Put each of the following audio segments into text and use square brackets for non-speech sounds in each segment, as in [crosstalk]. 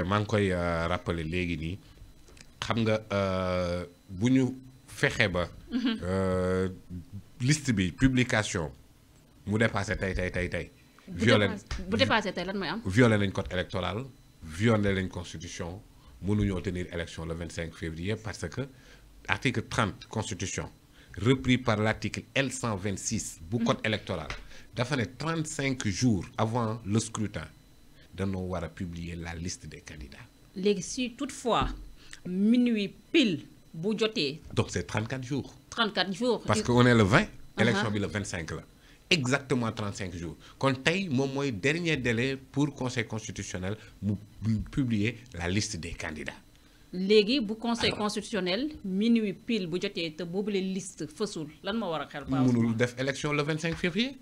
Je voudrais koy euh, rappeler légui ni xam nga euh fait fexé ba. Mhm. Euh, liste bi publication mu dépassé tay tay tay tay violer bu dépassé tay lan moy am. violer nañ code électoral tenir élection le 25 février parce que article 30 constitution repris par l'article L126 du mhm. code électoral dafa a 35 jours avant le scrutin dañoo war publier la liste des candidats. toutefois minuit pile bu donc c'est 34 jours. 34 jours parce qu'on est le 20. Uh-huh. élection bi le 25 exactement 35 jours Quand tey moom mooy dernier délai pour conseil constitutionnel mu publier la liste des candidats. léegi bu conseil constitutionnel minuit pile bu jotee te boobule liste fësul lan moo war xel. élection le 25 février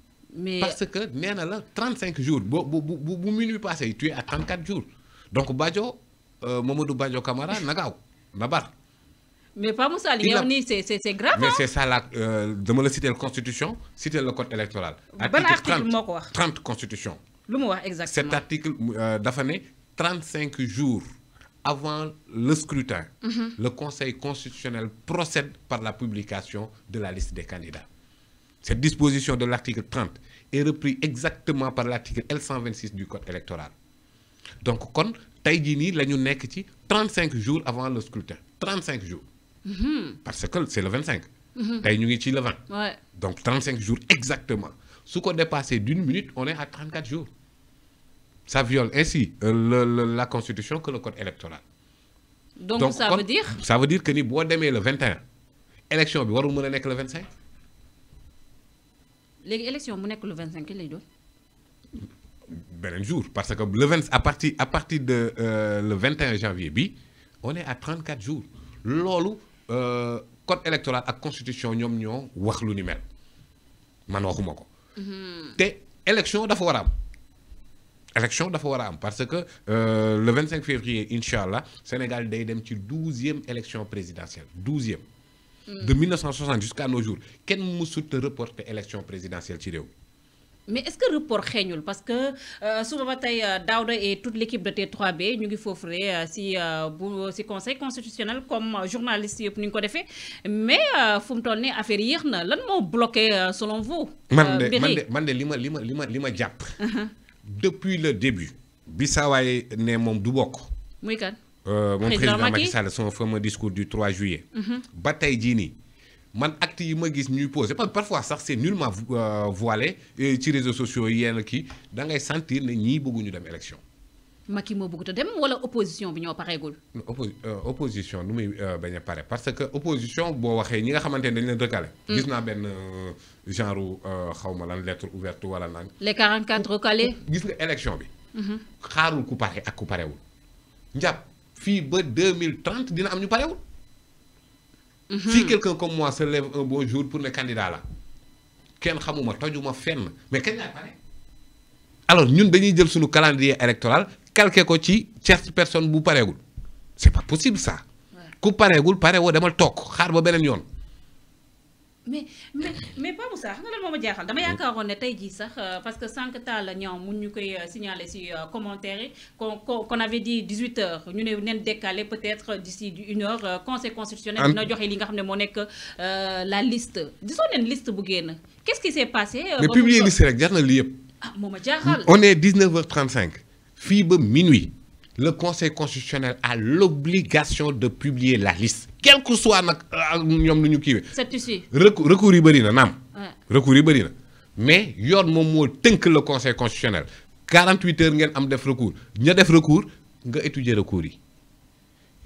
parce que néna 35 jours vous bu passé tu es à 34 jours donc Bajo, euh, Mamadou Bajo Camara na gaaw na mais pas Moussa yow c'est grave mais hein. c'est ça la euh, me la citer constitution citer le code électoral. article 30 constitution. exactement cet article euh, dafa 35 jours. avant le scrutin, mm-hmm. le Conseil constitutionnel procède par la publication de la liste des candidats. Cette disposition de l'article 30 est reprise exactement par l'article L126 du Code électoral. Donc, quand Taïdini la ñu 35 jours avant le scrutin 35 jours. Mm-hmm. parce que c'est le 25. Mm-hmm. le 20. donc 35 jours exactement Ce qu'on dépasse d'une minute on est à 34 jours. ça viole ainsi euh, la constitution que le code électoral. donc ça veut dire. ça veut dire que nous, sommes le 21. élection bi ne peut le 25. Les élections mu le 25 ki lay jour parce que le 20 à partir à partir de euh, le 21 janvier bi on est à 34 jours le euh, code électoral la constitution ñoom ñoo wax lu ni mel man waxuma mhm. élection dafa élection parce que euh, le 25 février Inch'Allah, le Sénégal day dem 12e élection présidentielle e Mm. de 1960 jusqu'à nos jours quel le a reporter l'élection présidentielle ci mais est-ce que report xéñul parce que euh, sur la bataille, euh, Daouda et toute l'équipe de T3B nous ngi offert euh, si constitutionnels si conseil constitutionnel comme journaliste Mais, en ñu ko défé mais fu mu affaire yexna lan bloqué selon vous. man de man de lima, lima, [laughs] depuis le début. bi saawaay du bokk. muy kan. Euh, mon président Macky Sall son fameux discours du 3 juillet. Mhm. ba tey man acte yi ma gis ñuy poser parce que parfois sax c'est est nullement euh, voilé ci réseaux sociaux yéne ki da ngay sentir ñi bëggu ñu dem élection. Macky mo bëggu ta dem wala opposition bi ñoo paré gul euh, opposition nous muy bañ paré parce que opposition bo waxé ñi nga xamanté dañ leen recalé. Mm. gis na ben genre xawma lan lettre ouverte wala naan. les 44 recalés. gis nga élection bi. Mm-hmm. xaarul ku paré ak ku wul njàpp fii ba 2030 dina am ñu wul mhm. si quelqu'un comme moi se lève un bon jour pour ne candidat là ken xamuma tojuma fenn mais ken laay paré alors ñun dañuy jël suñu calendrier électoral calqué ko ci tierce personne bu wul c'est pas possible ça. ku wul paré woo demal tok xaar ba benen yoon mais mais mais Pape ça xam nga lan ma jaaxal dama yaakaaroon ne tey jii sax euh, parce que sànq taal ñoom mu ñu koy euh, signaler ci euh, commentaire qu'on avait dit 18 h ñu né nen décalé peut-être d'ici 1 heure conseil constitutionnel dina joxe li nga xamné mo nek la liste disoo nen liste bu génn qu'est-ce qui s'est passé. mais publier liste rek jarna li yëpp. ah moo ma on est 19h35 fi ba minuit le Conseil constitutionnel a l'obligation de publier la liste. Quel que soit le euh, ñoom c'est recours non. na naam. Mais il y na mais moment moom le Conseil constitutionnel 48 heures y am def recours Il ña def recours nga étudier recours yi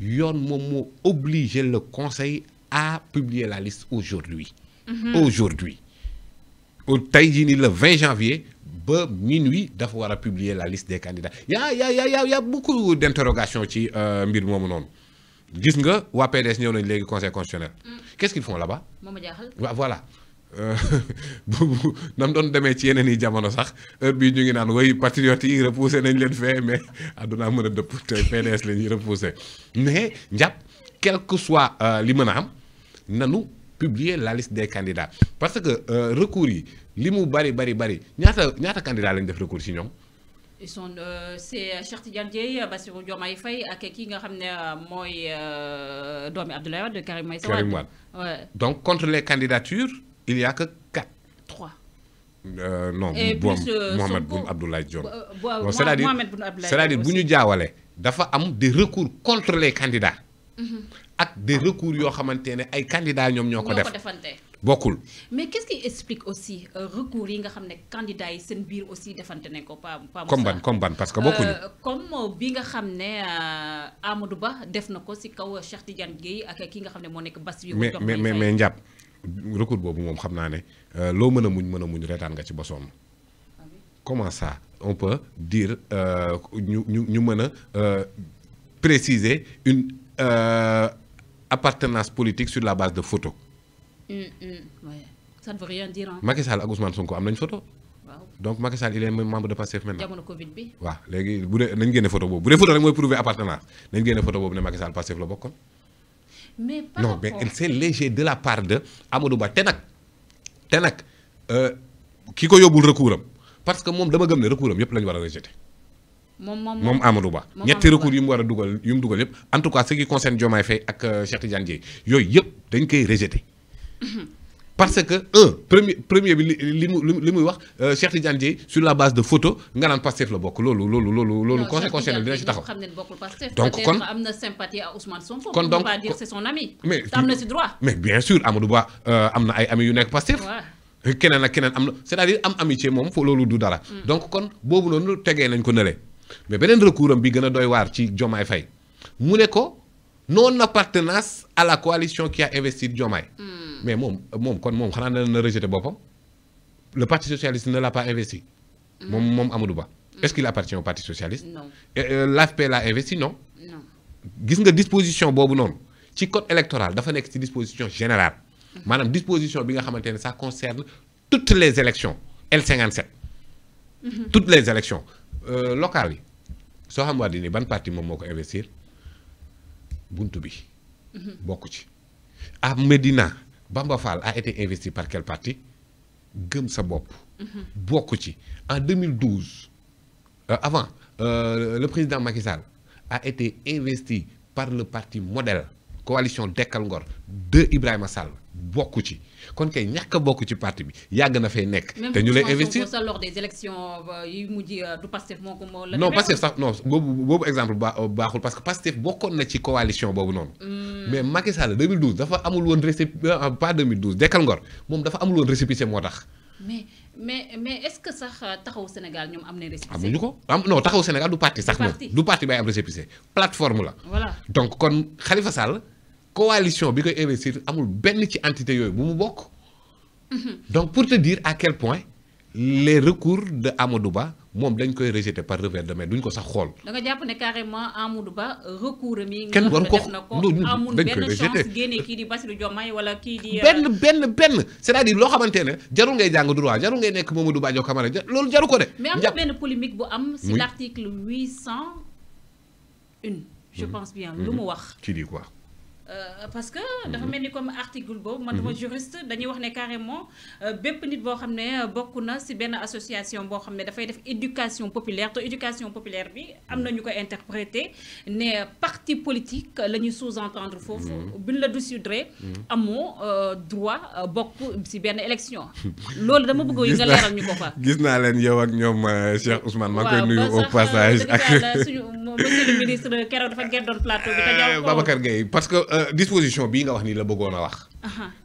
yoon moom moo obligé le Conseil à publier la liste aujourd'hui mhm. aujourd'hui Au Taïdini, le 20 janvier ba minuit dafa war a publier la liste des candidats y y a yaa yaa y a beaucoup d' interrogation ci euh, mbir moomu noonu gis nga waa PDS ñëw nañ léegi conseil constitutionnel. Mm. qu' est ce qu' ils font là-bas. moom a jaaxal voilà. Euh, [laughs] bu bu nam doon demee ci yeneen i jamono sax heure bii ñu ngi naan way patriotes yi repoussé nañ leen fee mais [laughs] àdduna mën a dëpp te PDS la ñuy repoussé mais njàpp quel que soit euh, li mën a am nanu publier la liste des candidats parce que euh, recours limou bari bari bari bari bari ñaata ñaata candidat lañ def recours sinon ils sont euh, c'est euh, Cheikh Tidiane Dieye Bassirou Diomaye Faye ak ki nga a ramené mooy Domi Abdoulaye de Karim donc contre les candidatures il y a que quatre. trois. non bon Mohamed boum Abdoulaye Dione. bon c'est-à-dire c'est-à-dire bu ñu jaawale dafa am des recours contre les candidats. Mm-hmm ak des recours yo xamantene ay candidats ñom ñoko def bokul mais qu'est-ce qui explique aussi euh, recours yi nga xamné ne candidats yi seen biir aussi defante ne ko Pa Pa Moussa. comme ban comme ban parce que bokkuñu. Euh, comme bi nga xamné ne euh, Amadou Ba def na ko si kaw Cheikh Tidiane Guèye ak ki nga xamné mo nek nekk bas. mais mais mais ndiap recours bobu mom xamna naa ne loo mën muñ meuna muñ retane nga ci bossom comment ça on peut dire ñu ñu ñu mën a préciser une appartenance politique sur la base de photos. Mm, mm, Ça ne veut rien dire. Hein. Macky Sall ak Ousmane Sonko am une photo. donc Macky Sall il est membre de Pastef maintenant. jamono Covid bi. waaw léegi bu dee nañ photo Vous bu dee photo rek mooy prouver appartenance nañ génne photo boobu ne Macky Sall Pastef la mais par non mais c'est léger de la part de Amadou Ba Tenak. Tenak. te nag ki ko recours parce que moi, dama gëm ne recourir, am yëpp la ñu war rejeter mom Amadou Ba ñetti recours yu mu war a dugal yu mu en tout cas ce qui concerne Diomaye fay ak euh, Cheikh Tidiane Dièye yoy yëpp dañ koy rejeter [laughs] parce que un premier premier bi li muy wax euh, Cheikh Tidiane Dièye sur la base de photo nga nan Pastef la bokk lolu lolu lolu loolu conseil constitutionnel dina ci taxaw donc kon am sympathie à Ousmane Sonko kon donc pas dire c'est son ami mais am ci droit mais bien sûr Amadou Ba euh, am ay ami yu nek Pastef keneen ak keneen am c'est-à-dire am amitié moom fo loolu du dara mm. donc kon boobu noonu tegee nañ ko nële mais beneen recours bi gëna doy war ci Diomaye Fay mu ne ko non appartenance à la coalition qui a investi Diomaye. Hmm. mais mom mom kon mom xana na rejeter. le parti socialiste ne l'a pas investi. Hmm. moom mom Amadou hmm. est-ce qu'il appartient au parti socialiste. non euh, euh, l'AFP l'a investi non. non gis nga disposition bobu non ci code électoral dafa nek ci disposition générale. manam disposition bi nga ça concerne toutes les élections L57. toutes les élections euh, local yi soo xam ban parti moom moo investir bi. Mhm. Medina Bamba a été investi par quel parti gëm sa mhm. en 2012 euh, avant euh, le président Macky Sall a été investi par le parti modèle coalition Dekkal de Ibrahim Sall. Il ci a parti bi na fay ñu lay investir même lors des élections yu euh, y euh, du Pastef beaucoup qui sont non Pastef non exemple euh, parce que Pastef a na ci coalition hmm. mais Macky Sall 2012 dafa amul pas 2012 de Ngor dafa amul mais mais mais est-ce que sax taxaw Sénégal non Sénégal du parti du parti plateforme donc Khalifa Sall coalition bi koy investir amul benn ci entité yooyu bu mu bokk. donc pour te dire à quel point les recours de Amadou Ba moom dañ koy rejeter par revers de main duñ ko sax xool. da nga jàpp ne carrément Amadou Ba recours mi. kenn war ko na ko amul benn chance génne kii di Bassirou Diomaye wala kii di. Euh, benn benn benn c'est-à-dire loo xamante ne jarul ngay jàng droit jarul ngay nekk Mamadou Badio Camara loolu jaru ko de. mais am na benn polémique bu am. si l'article huit cent une. je pense bien lu mhm. mu wax. ci di quoi. Euh, parce que dafa comme article mhm. juriste dañuy carrément euh, nit euh, ci association éducation populaire te éducation populaire bi amna mhm. mhm. [laughs] ñu ko interpréter né parti politique lañu sous-entendre je buñ la d'ré, je droit ci élection dama bëgg nga gis yow ak Cheikh Ousmane au passage [laughs] monsieur plateau parce que euh, disposition bi nga wax ni la bëggona wax.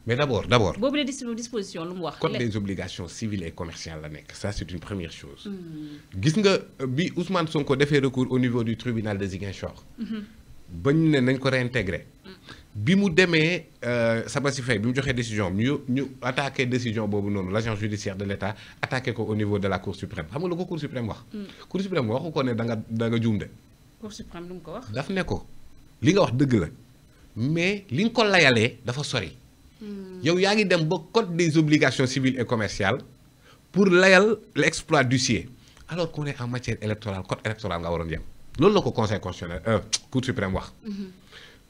mais d'abord, d'abord, bobu les dispositions lu mu wax. des obligations civiles et commerciales la nek ça c'est une première chose. Hmm. gis nga euh, bi Ousmane Sonko fait recours au niveau du tribunal de Ziguinchor. Mhm. bañ ne nañ ko réintégrer. Hmm. bi mu euh Sabassi pacifier bi mu joxé décision ñu ñu attaquer décision bobu non, la agent judiciaire de l'État attaquer ko au niveau de la cour suprême xam nga cour suprême wax. Hmm. cour suprême waxu ko né da nga da nga joom dé cour suprême lu mu ko wax. daf né ko li nga wax deug la mais li nga ko layalé dafa sori. Hmm. yow yaa ngi dem ba code des obligations civiles et commerciales pour layal l'exploit d'huissier alors qu'on est en matière électorale code électoral nga waroon yam loolu lako conseil constitutionnel euh cour suprême wax. Mhm.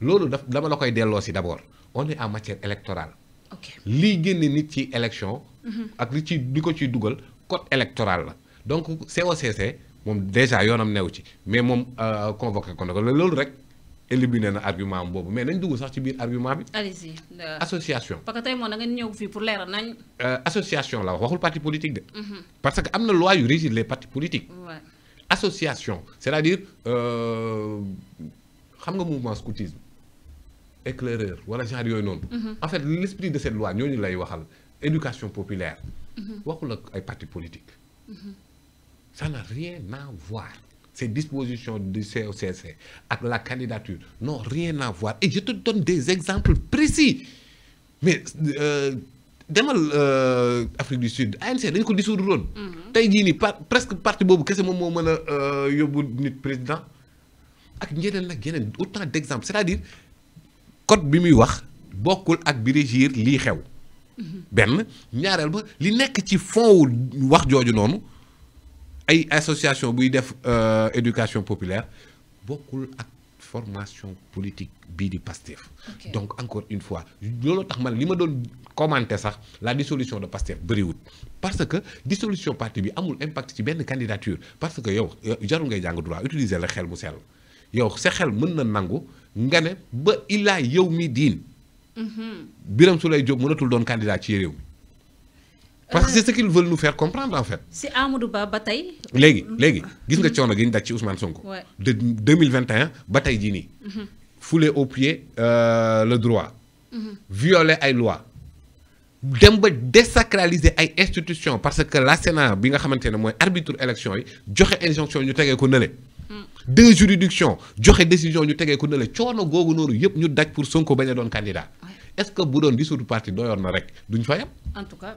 loolu dama la koy dello si d'abord on est en matière électorale. ok li génne nit ci élection. Mhm. ak li ci li ci dougal code électoral la donc COCC mom déjà yonam newu ci mais mom euh, convoquer ko nag loolu rek éliminer na argument mais nañ dugg sax ci biir argument bi. allez-y association. parce que tay moom da ngeen ñëw pour l'air. nañ. Euh, association la waxul parti politique de. Mhm. parce que amna loi yu régit les partis politiques. association c'est-à-dire euh, xam nga mouvement scoutisme éclaireur wala genre yoy non mhm. en fait l'esprit de cette loi ñu lay waxal éducation populaire. Mhm. waxul ak ay partis politiques. ça n'a rien à voir ces dispositions du COCC avec la candidature n'ont rien à voir. Et je te donne des exemples précis. Mais euh, l'Afrique euh, Afrique du Sud ANC dañ ko dissoudre woon. Mhm. tey jii presque parti bobo qu'est-ce moo moment a euh, Yobou nit président ak ñeneen la d'exemples. autant à dire quand à dire code bi muy wax bokkul ak bi régir lii xew. Mhm. benn ñaareel ba li nekk ci fond wu wax jooju noonu ay association buy def euh, éducation populaire bokul ak formation politique bi di Pastef donc encore une fois looloo tax man lima don commenter sax la dissolution de Pastef wut parce que dissolution parti bi amul impact ci ben candidature parce que yow euh, jarul ngay jang droit utiliser la xel mu sel yow sa xel mën na nangu nga ne ba ila yow mi diin mhm. biram Souleye Diop mënatul don candidat ci réew mi parce que c'est ce qu'ils veulent nous faire comprendre en fait. C'est Amadou Ba bataille. Légui, euh, Légui, mm-hmm. gis nga coono gi ñu daj ci Ousmane Sonko. de 2021 bataille di ni. fouler au pied euh, le droit. Mm-hmm. violer ay lois. dem ba désacraliser ay institutions parce que la Sénat bi nga xamante moy mooy arbitre élection yi joxe injonction ñu tégué ko neulé. Mm. deux juridictions joxe décision ñu tégué ko neulé. Choono googu noonu yépp ñu dacc pour Sonko bañ doon candidat est-ce que bu doon dissoudre parti doyoon na rek duñ fa yam en tout cas.